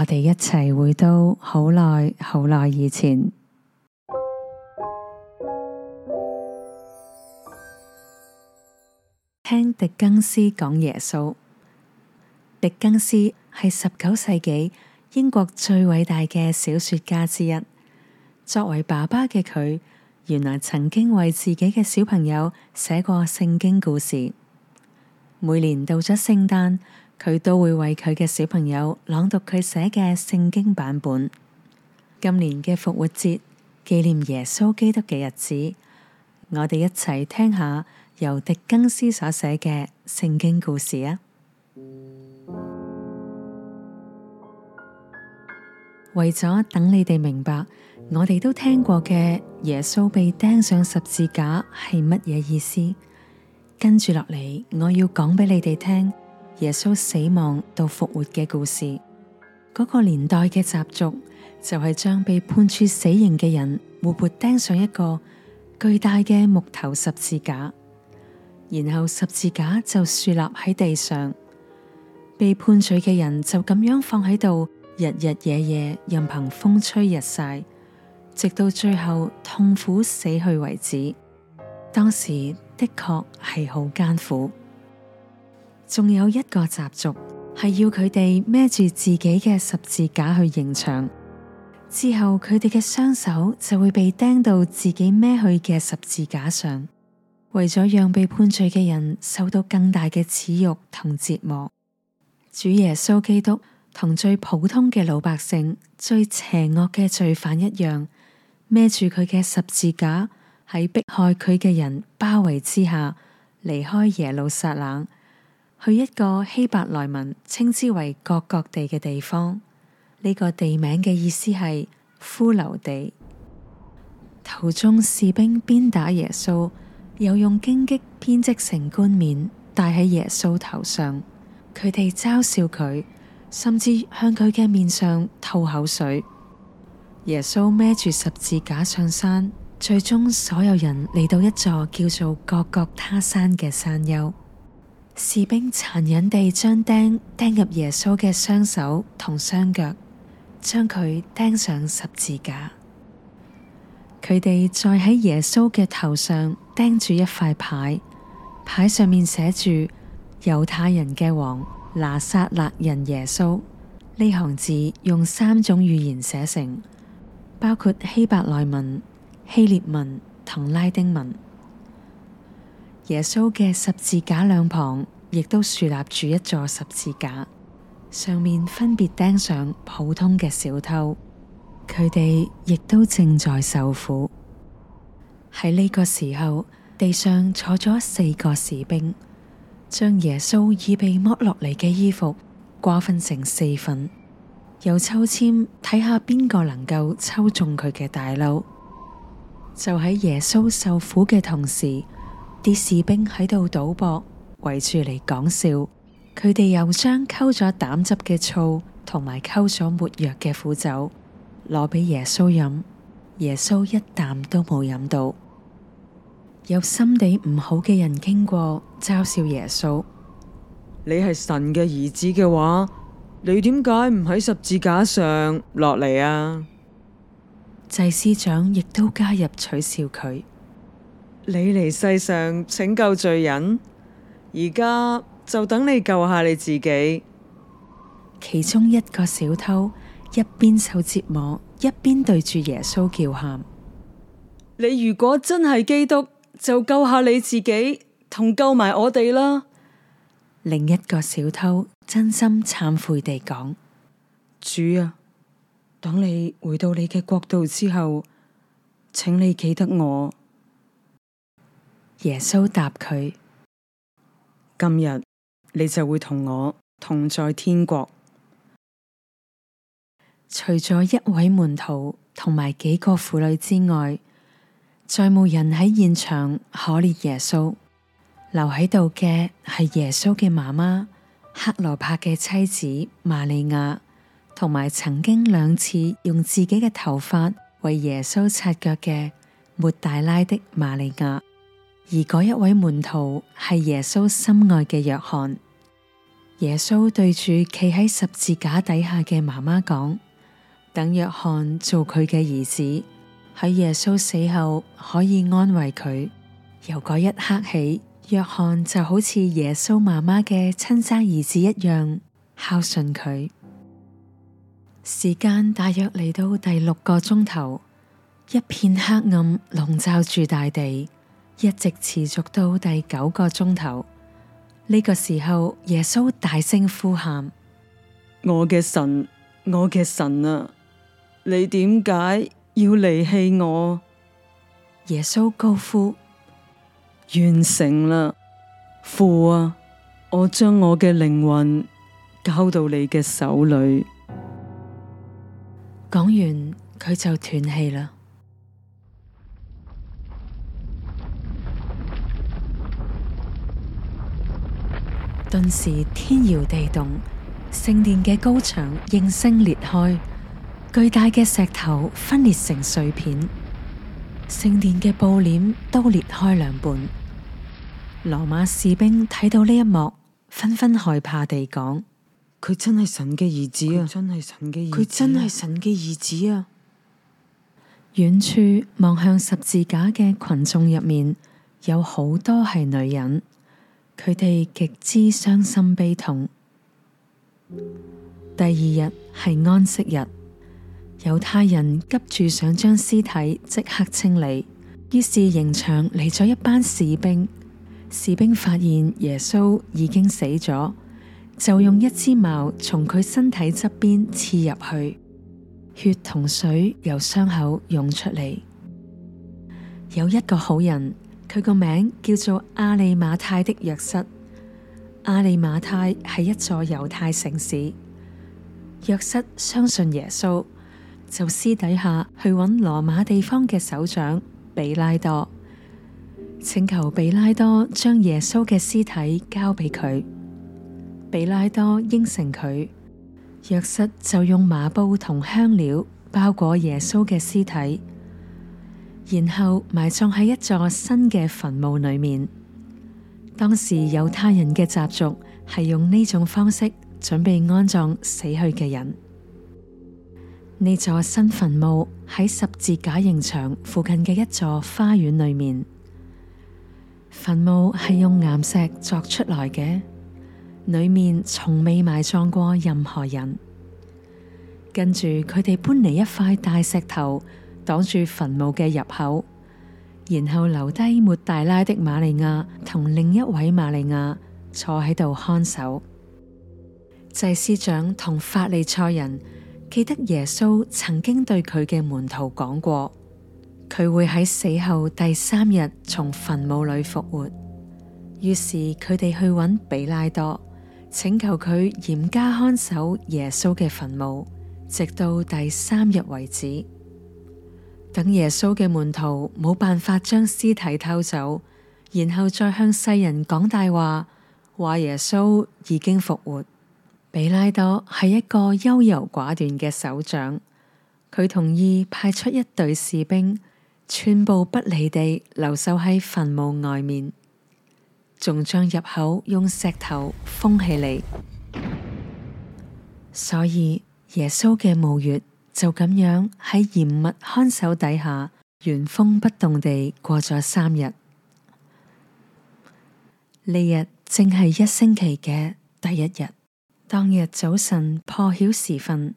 我哋一齊回到好耐好耐以前，聽狄更斯講耶穌。狄更斯係十九世紀英國最偉大嘅小說家之一。作為爸爸嘅佢，原來曾經為自己嘅小朋友寫過聖經故事。每年到咗聖誕。佢都會為佢嘅小朋友朗讀佢寫嘅聖經版本。今年嘅復活節，紀念耶穌基督嘅日子，我哋一齊聽下由狄更斯所寫嘅聖經故事啊！為咗等你哋明白，我哋都聽過嘅耶穌被釘上十字架係乜嘢意思？跟住落嚟，我要講俾你哋聽。耶穌死亡到復活嘅故事，嗰個年代嘅習俗就係將被判處死刑嘅人活活釘上一個巨大嘅木頭十字架，然後十字架就豎立喺地上，被判罪嘅人就咁樣放喺度，日日夜夜任憑風吹日曬，直到最後痛苦死去為止。當時的確係好艱苦。仲有一個習俗係要佢哋孭住自己嘅十字架去刑場，之後佢哋嘅雙手就會被釘到自己孭去嘅十字架上，為咗讓被判罪嘅人受到更大嘅恥辱同折磨。主耶穌基督同最普通嘅老百姓、最邪惡嘅罪犯一樣，孭住佢嘅十字架，喺迫害佢嘅人包圍之下離開耶路撒冷。去一個希伯來文稱之為各各地嘅地方，呢個地名嘅意思係骷髏地。途中士兵鞭打耶穌，又用荊棘編織成冠冕戴喺耶穌頭上，佢哋嘲笑佢，甚至向佢嘅面上吐口水。耶穌孭住十字架上山，最終所有人嚟到一座叫做各各他山嘅山丘。士兵殘忍地將釘釘入耶穌嘅雙手同雙腳，將佢釘上十字架。佢哋再喺耶穌嘅頭上釘住一塊牌，牌上面寫住猶太人嘅王拿撒勒人耶穌。呢行字用三種語言寫成，包括希伯來文、希列文同拉丁文。耶穌嘅十字架兩旁，亦都豎立住一座十字架，上面分別釘上普通嘅小偷，佢哋亦都正在受苦。喺呢個時候，地上坐咗四個士兵，將耶穌已被剝落嚟嘅衣服瓜分成四份，又抽籤睇下邊個能夠抽中佢嘅大褸。就喺耶穌受苦嘅同時，啲士兵喺度賭博，圍住嚟講笑。佢哋又將溝咗膽汁嘅醋同埋溝咗沒藥嘅苦酒攞俾耶穌飲，耶穌一啖都冇飲到。有心地唔好嘅人經過，嘲笑耶穌：「你係神嘅兒子嘅話，你點解唔喺十字架上落嚟啊？」祭司長亦都加入取笑佢。你嚟世上拯救罪人，而家就等你救下你自己。其中一個小偷一邊受折磨，一邊對住耶穌叫喊：「你如果真係基督，就救下你自己，同救埋我哋啦！」另一個小偷真心懺悔地講：「主啊，等你回到你嘅國度之後，請你記得我。」耶穌答佢：今日你就會同我同在天國。除咗一位門徒同埋幾個婦女之外，再冇人喺現場可憐耶穌。留喺度嘅係耶穌嘅媽媽克羅帕嘅妻子瑪利亞，同埋曾經兩次用自己嘅頭髮為耶穌擦腳嘅抹大拉的瑪利亞。而嗰一位門徒係耶穌心愛嘅約翰。耶穌對住企喺十字架底下嘅媽媽講：等約翰做佢嘅兒子，喺耶穌死後可以安慰佢。由嗰一刻起，約翰就好似耶穌媽媽嘅親生兒子一樣孝順佢。時間大約嚟到第六個鐘頭，一片黑暗籠罩住大地。一直持續到第九個鐘頭，呢個時候耶穌大聲呼喊：我嘅神，我嘅神啊，你點解要離棄我？耶穌高呼：完成啦，父啊，我將我嘅靈魂交到你嘅手裏。講完佢就斷氣啦。頓時天搖地動，聖殿嘅高牆應聲裂開，巨大嘅石頭分裂成碎片，聖殿嘅布簾都裂開兩半。羅馬士兵睇到呢一幕，紛紛害怕地講：佢真係神嘅兒子啊！佢真係神嘅兒子！佢真係神嘅兒子啊！遠處望向十字架嘅群眾入面，有好多係女人。佢哋極之傷心悲痛。第二日係安息日，猶太人急住想將屍體即刻清理，於是刑場嚟咗一班士兵。士兵發現耶穌已經死咗，就用一支矛從佢身體側邊刺入去，血同水由傷口湧出嚟。有一個好人。佢個名叫做阿里馬泰的約瑟。阿里馬泰係一座猶太城市。約瑟相信耶穌，就私底下去揾羅馬地方嘅首長比拉多，請求比拉多將耶穌嘅屍體交俾佢。比拉多應承佢，約瑟就用麻布同香料包裹耶穌嘅屍體。然後埋葬喺一座新嘅墳墓裏面。當時猶太人嘅習俗係用呢種方式準備安葬死去嘅人。呢座新墳墓喺十字架刑場附近嘅一座花園裏面。墳墓係用岩石鑿出來嘅，裏面從未埋葬過任何人。跟住佢哋搬嚟一塊大石頭。擋住墳墓嘅入口，然後留低抹大拉的瑪利亞同另一位瑪利亞坐喺度看守。祭司長同法利賽人記得耶穌曾經對佢嘅門徒講過，佢會喺死後第三日從墳墓裏復活。於是佢哋去揾比拉多，請求佢嚴加看守耶穌嘅墳墓，直到第三日為止。等耶穌嘅門徒冇辦法將屍體偷走，然後再向世人講大話，話耶穌已經復活。比拉多係一個優柔寡斷嘅首長，佢同意派出一隊士兵，寸步不離地留守喺墳墓外面，仲將入口用石頭封起嚟。所以耶穌嘅墓穴。就咁樣喺嚴密看守底下，原封不動地過咗三日。呢日正係一星期嘅第一日。當日早晨破曉時分，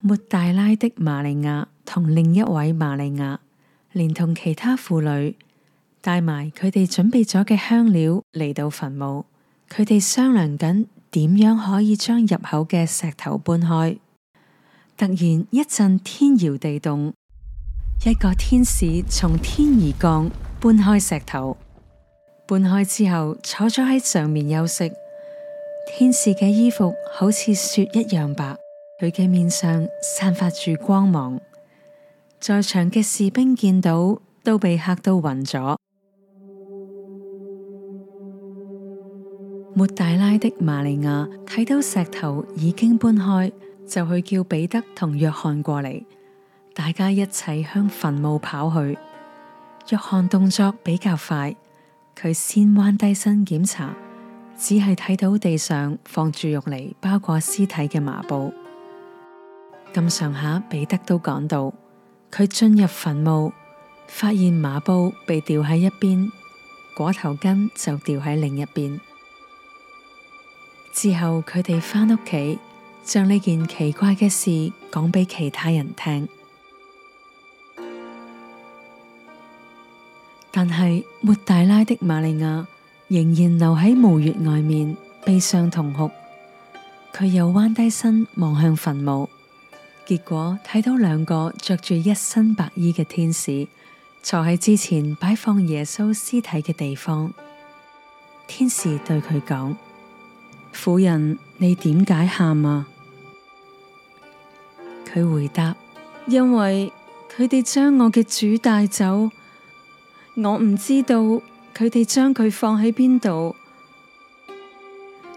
抹大拉的瑪利亞同另一位瑪利亞，連同其他婦女，帶埋佢哋準備咗嘅香料嚟到墳墓。佢哋商量緊點樣可以將入口嘅石頭搬開。突然一陣天搖地動，一個天使從天而降，搬開石頭。搬開之後，坐咗喺上面休息。天使嘅衣服好似雪一樣白，佢嘅面上散發住光芒。在場嘅士兵見到，都被嚇到暈咗。抹大拉的瑪利亞睇到石頭已經搬開。就去叫彼得同約翰過嚟，大家一齊向墳墓跑去。約翰動作比較快，佢先彎低身檢查，只係睇到地上放住用嚟包裹屍體嘅麻布。咁上下彼得都講到，佢進入墳墓，發現麻布被掉喺一邊，裹頭巾就掉喺另一邊。之後佢哋翻屋企。將呢件奇怪嘅事講俾其他人聽，但係抹大拉的瑪利亞仍然留喺墓穴外面悲傷痛哭，佢又彎低身望向墳墓，結果睇到兩個着住一身白衣嘅天使坐喺之前擺放耶穌屍體嘅地方。天使對佢講。婦人，你點解喊啊？佢回答，因為佢哋將我嘅主帶走，我唔知道佢哋將佢放喺邊度。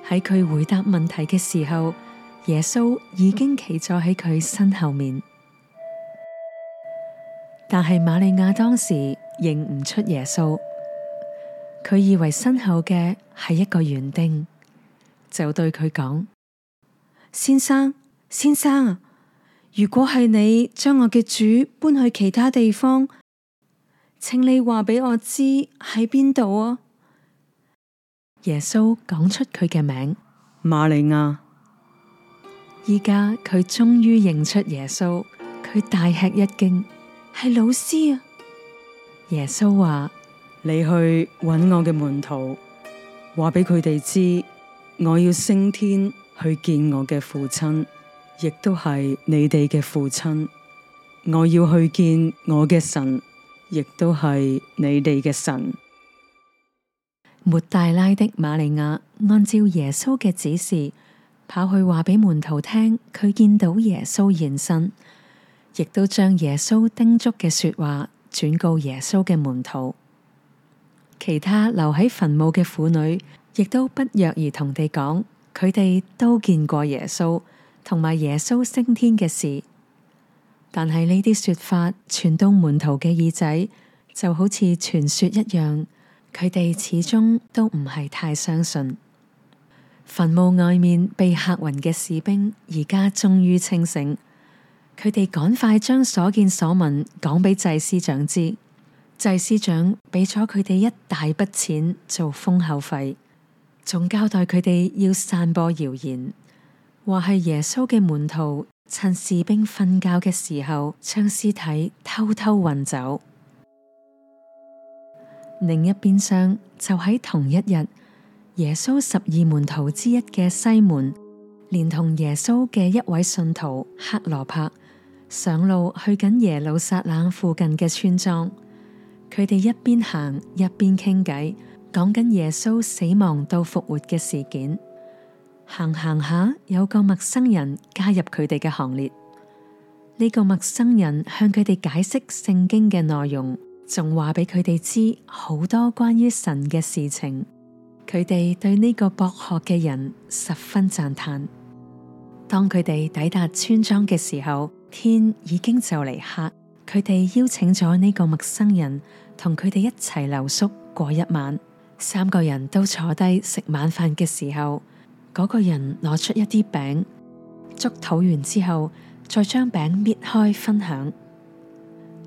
喺佢回答問題嘅時候，耶穌已經企咗喺佢身後面，但係瑪利亞當時認唔出耶穌，佢以為身後嘅係一個園丁。就對佢講，先生，先生，如果係你將我嘅主搬去其他地方，請你話俾我知喺邊度啊！耶穌講出佢嘅名，瑪利亞。依家佢終於認出耶穌，佢大吃一驚，係老師啊！耶穌話：你去揾我嘅門徒，話俾佢哋知。我要升天去見我嘅父親，亦都係你哋嘅父親；我要去見我嘅神，亦都係你哋嘅神。抹大拉的馬利亞按照耶穌嘅指示，跑去話俾門徒聽，佢見到耶穌現身，亦都將耶穌叮囑嘅說話轉告耶穌嘅門徒。其他留喺墳墓嘅婦女，亦都不約而同地講，佢哋都見過耶穌同埋耶穌升天嘅事，但係呢啲說法傳到門徒嘅耳仔，就好似傳說一樣，佢哋始終都唔係太相信。墳墓外面被嚇暈嘅士兵，而家終於清醒，佢哋趕快將所見所聞講俾祭司長知，祭司長俾咗佢哋一大筆錢做封口費。仲交代佢哋要散播謠言，話係耶穌嘅門徒趁士兵瞓覺嘅時候，將屍體偷偷運走。另一邊廂，就喺同一日，耶穌十二門徒之一嘅西門，連同耶穌嘅一位信徒克羅帕，上路去緊耶路撒冷附近嘅村莊。佢哋一邊行一邊傾偈。講緊耶穌死亡到復活嘅事件，行行下有個陌生人加入佢哋嘅行列。呢個陌生人向佢哋解釋聖經嘅內容，仲話俾佢哋知好多關於神嘅事情。佢哋對呢個博學嘅人十分讚嘆。當佢哋抵達村莊嘅時候，天已經就嚟黑，佢哋邀請咗呢個陌生人同佢哋一齊留宿過一晚。三個人都坐低食晚飯嘅時候，嗰個人攞出一啲餅，祝禱完之後，再將餅搣開分享，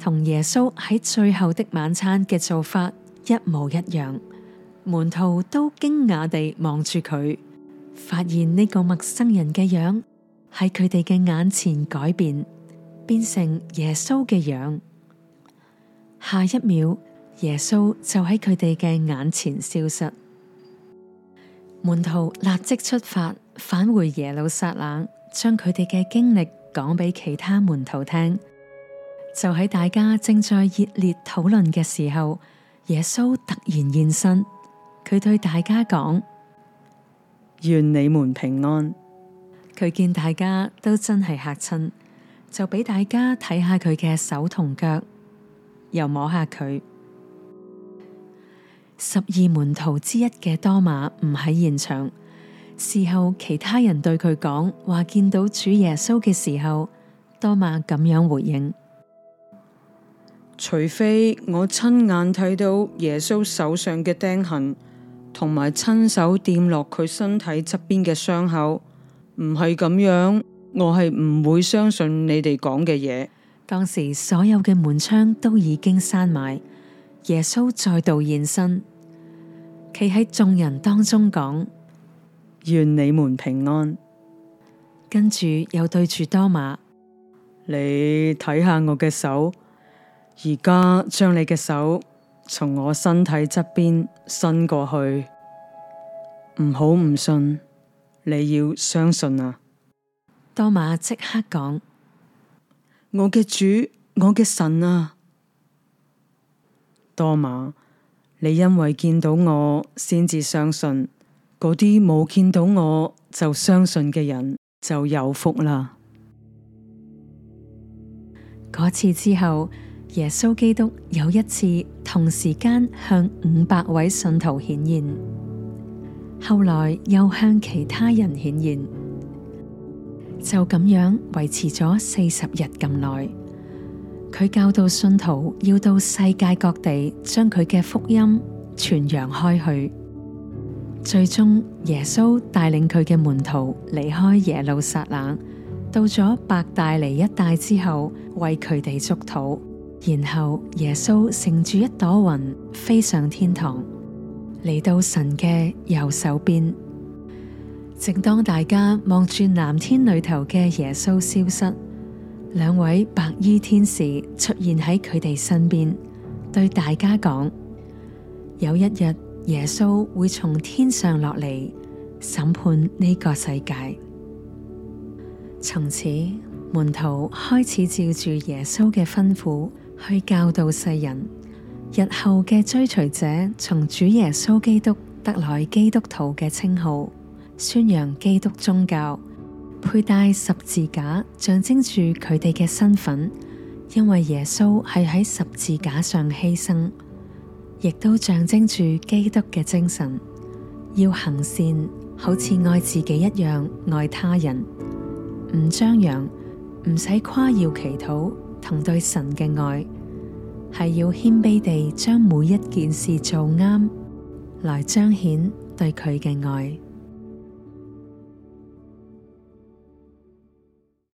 同耶穌喺最後的晚餐嘅做法一模一樣。門徒都驚訝地望住佢，發現呢個陌生人嘅樣喺佢哋嘅眼前改變，變成耶穌嘅樣。下一秒。耶穌就喺佢哋嘅眼前消失，門徒立即出發返回耶路撒冷，將佢哋嘅經歷講俾其他門徒聽。就喺大家正在熱烈討論嘅時候，耶穌突然現身。佢對大家講：願你們平安。佢見大家都真係吓親，就俾大家睇下佢嘅手同腳，又摸下佢。十二門徒之一嘅多馬唔喺現場，事後其他人對佢講話，見到主耶穌嘅時候，多馬咁樣回應：除非我親眼睇到耶穌手上嘅釘痕，同埋親手掂落佢身體側邊嘅傷口，唔係咁樣，我係唔會相信你哋講嘅嘢。當時所有嘅門窗都已經閂埋。耶穌再度現身，企喺眾人當中講：願你們平安。跟住又對住多馬：你睇下我嘅手，而家將你嘅手從我身體側邊伸過去，唔好唔信，你要相信啊！多馬，馬即刻講：我嘅主，我嘅神啊！多馬，你因為見到我，先至相信；嗰啲冇見到我就相信嘅人，就有福啦。嗰次之後，耶穌基督有一次同時間向五百位信徒顯現，後來又向其他人顯現，就咁樣維持咗四十日咁耐。佢教導信徒要到世界各地將佢嘅福音傳揚開去。最終，耶穌帶領佢嘅門徒離開耶路撒冷，到咗伯大尼一帶之後，為佢哋祝禱。然後，耶穌乘住一朵雲飛上天堂，嚟到神嘅右手邊。正當大家望住藍天裏頭嘅耶穌消失。兩位白衣天使出現喺佢哋身邊，對大家講：有一日耶穌會從天上落嚟審判呢個世界。從此門徒開始照住耶穌嘅吩咐去教導世人，日後嘅追隨者從主耶穌基督得來基督徒嘅稱號，宣揚基督宗教。佩戴十字架象徵住佢哋嘅身份，因為耶穌係喺十字架上犧牲，亦都象徵住基督嘅精神。要行善，好似愛自己一樣愛他人，唔張揚，唔使誇耀祈禱同對神嘅愛，係要謙卑地將每一件事做啱，來彰顯對佢嘅愛。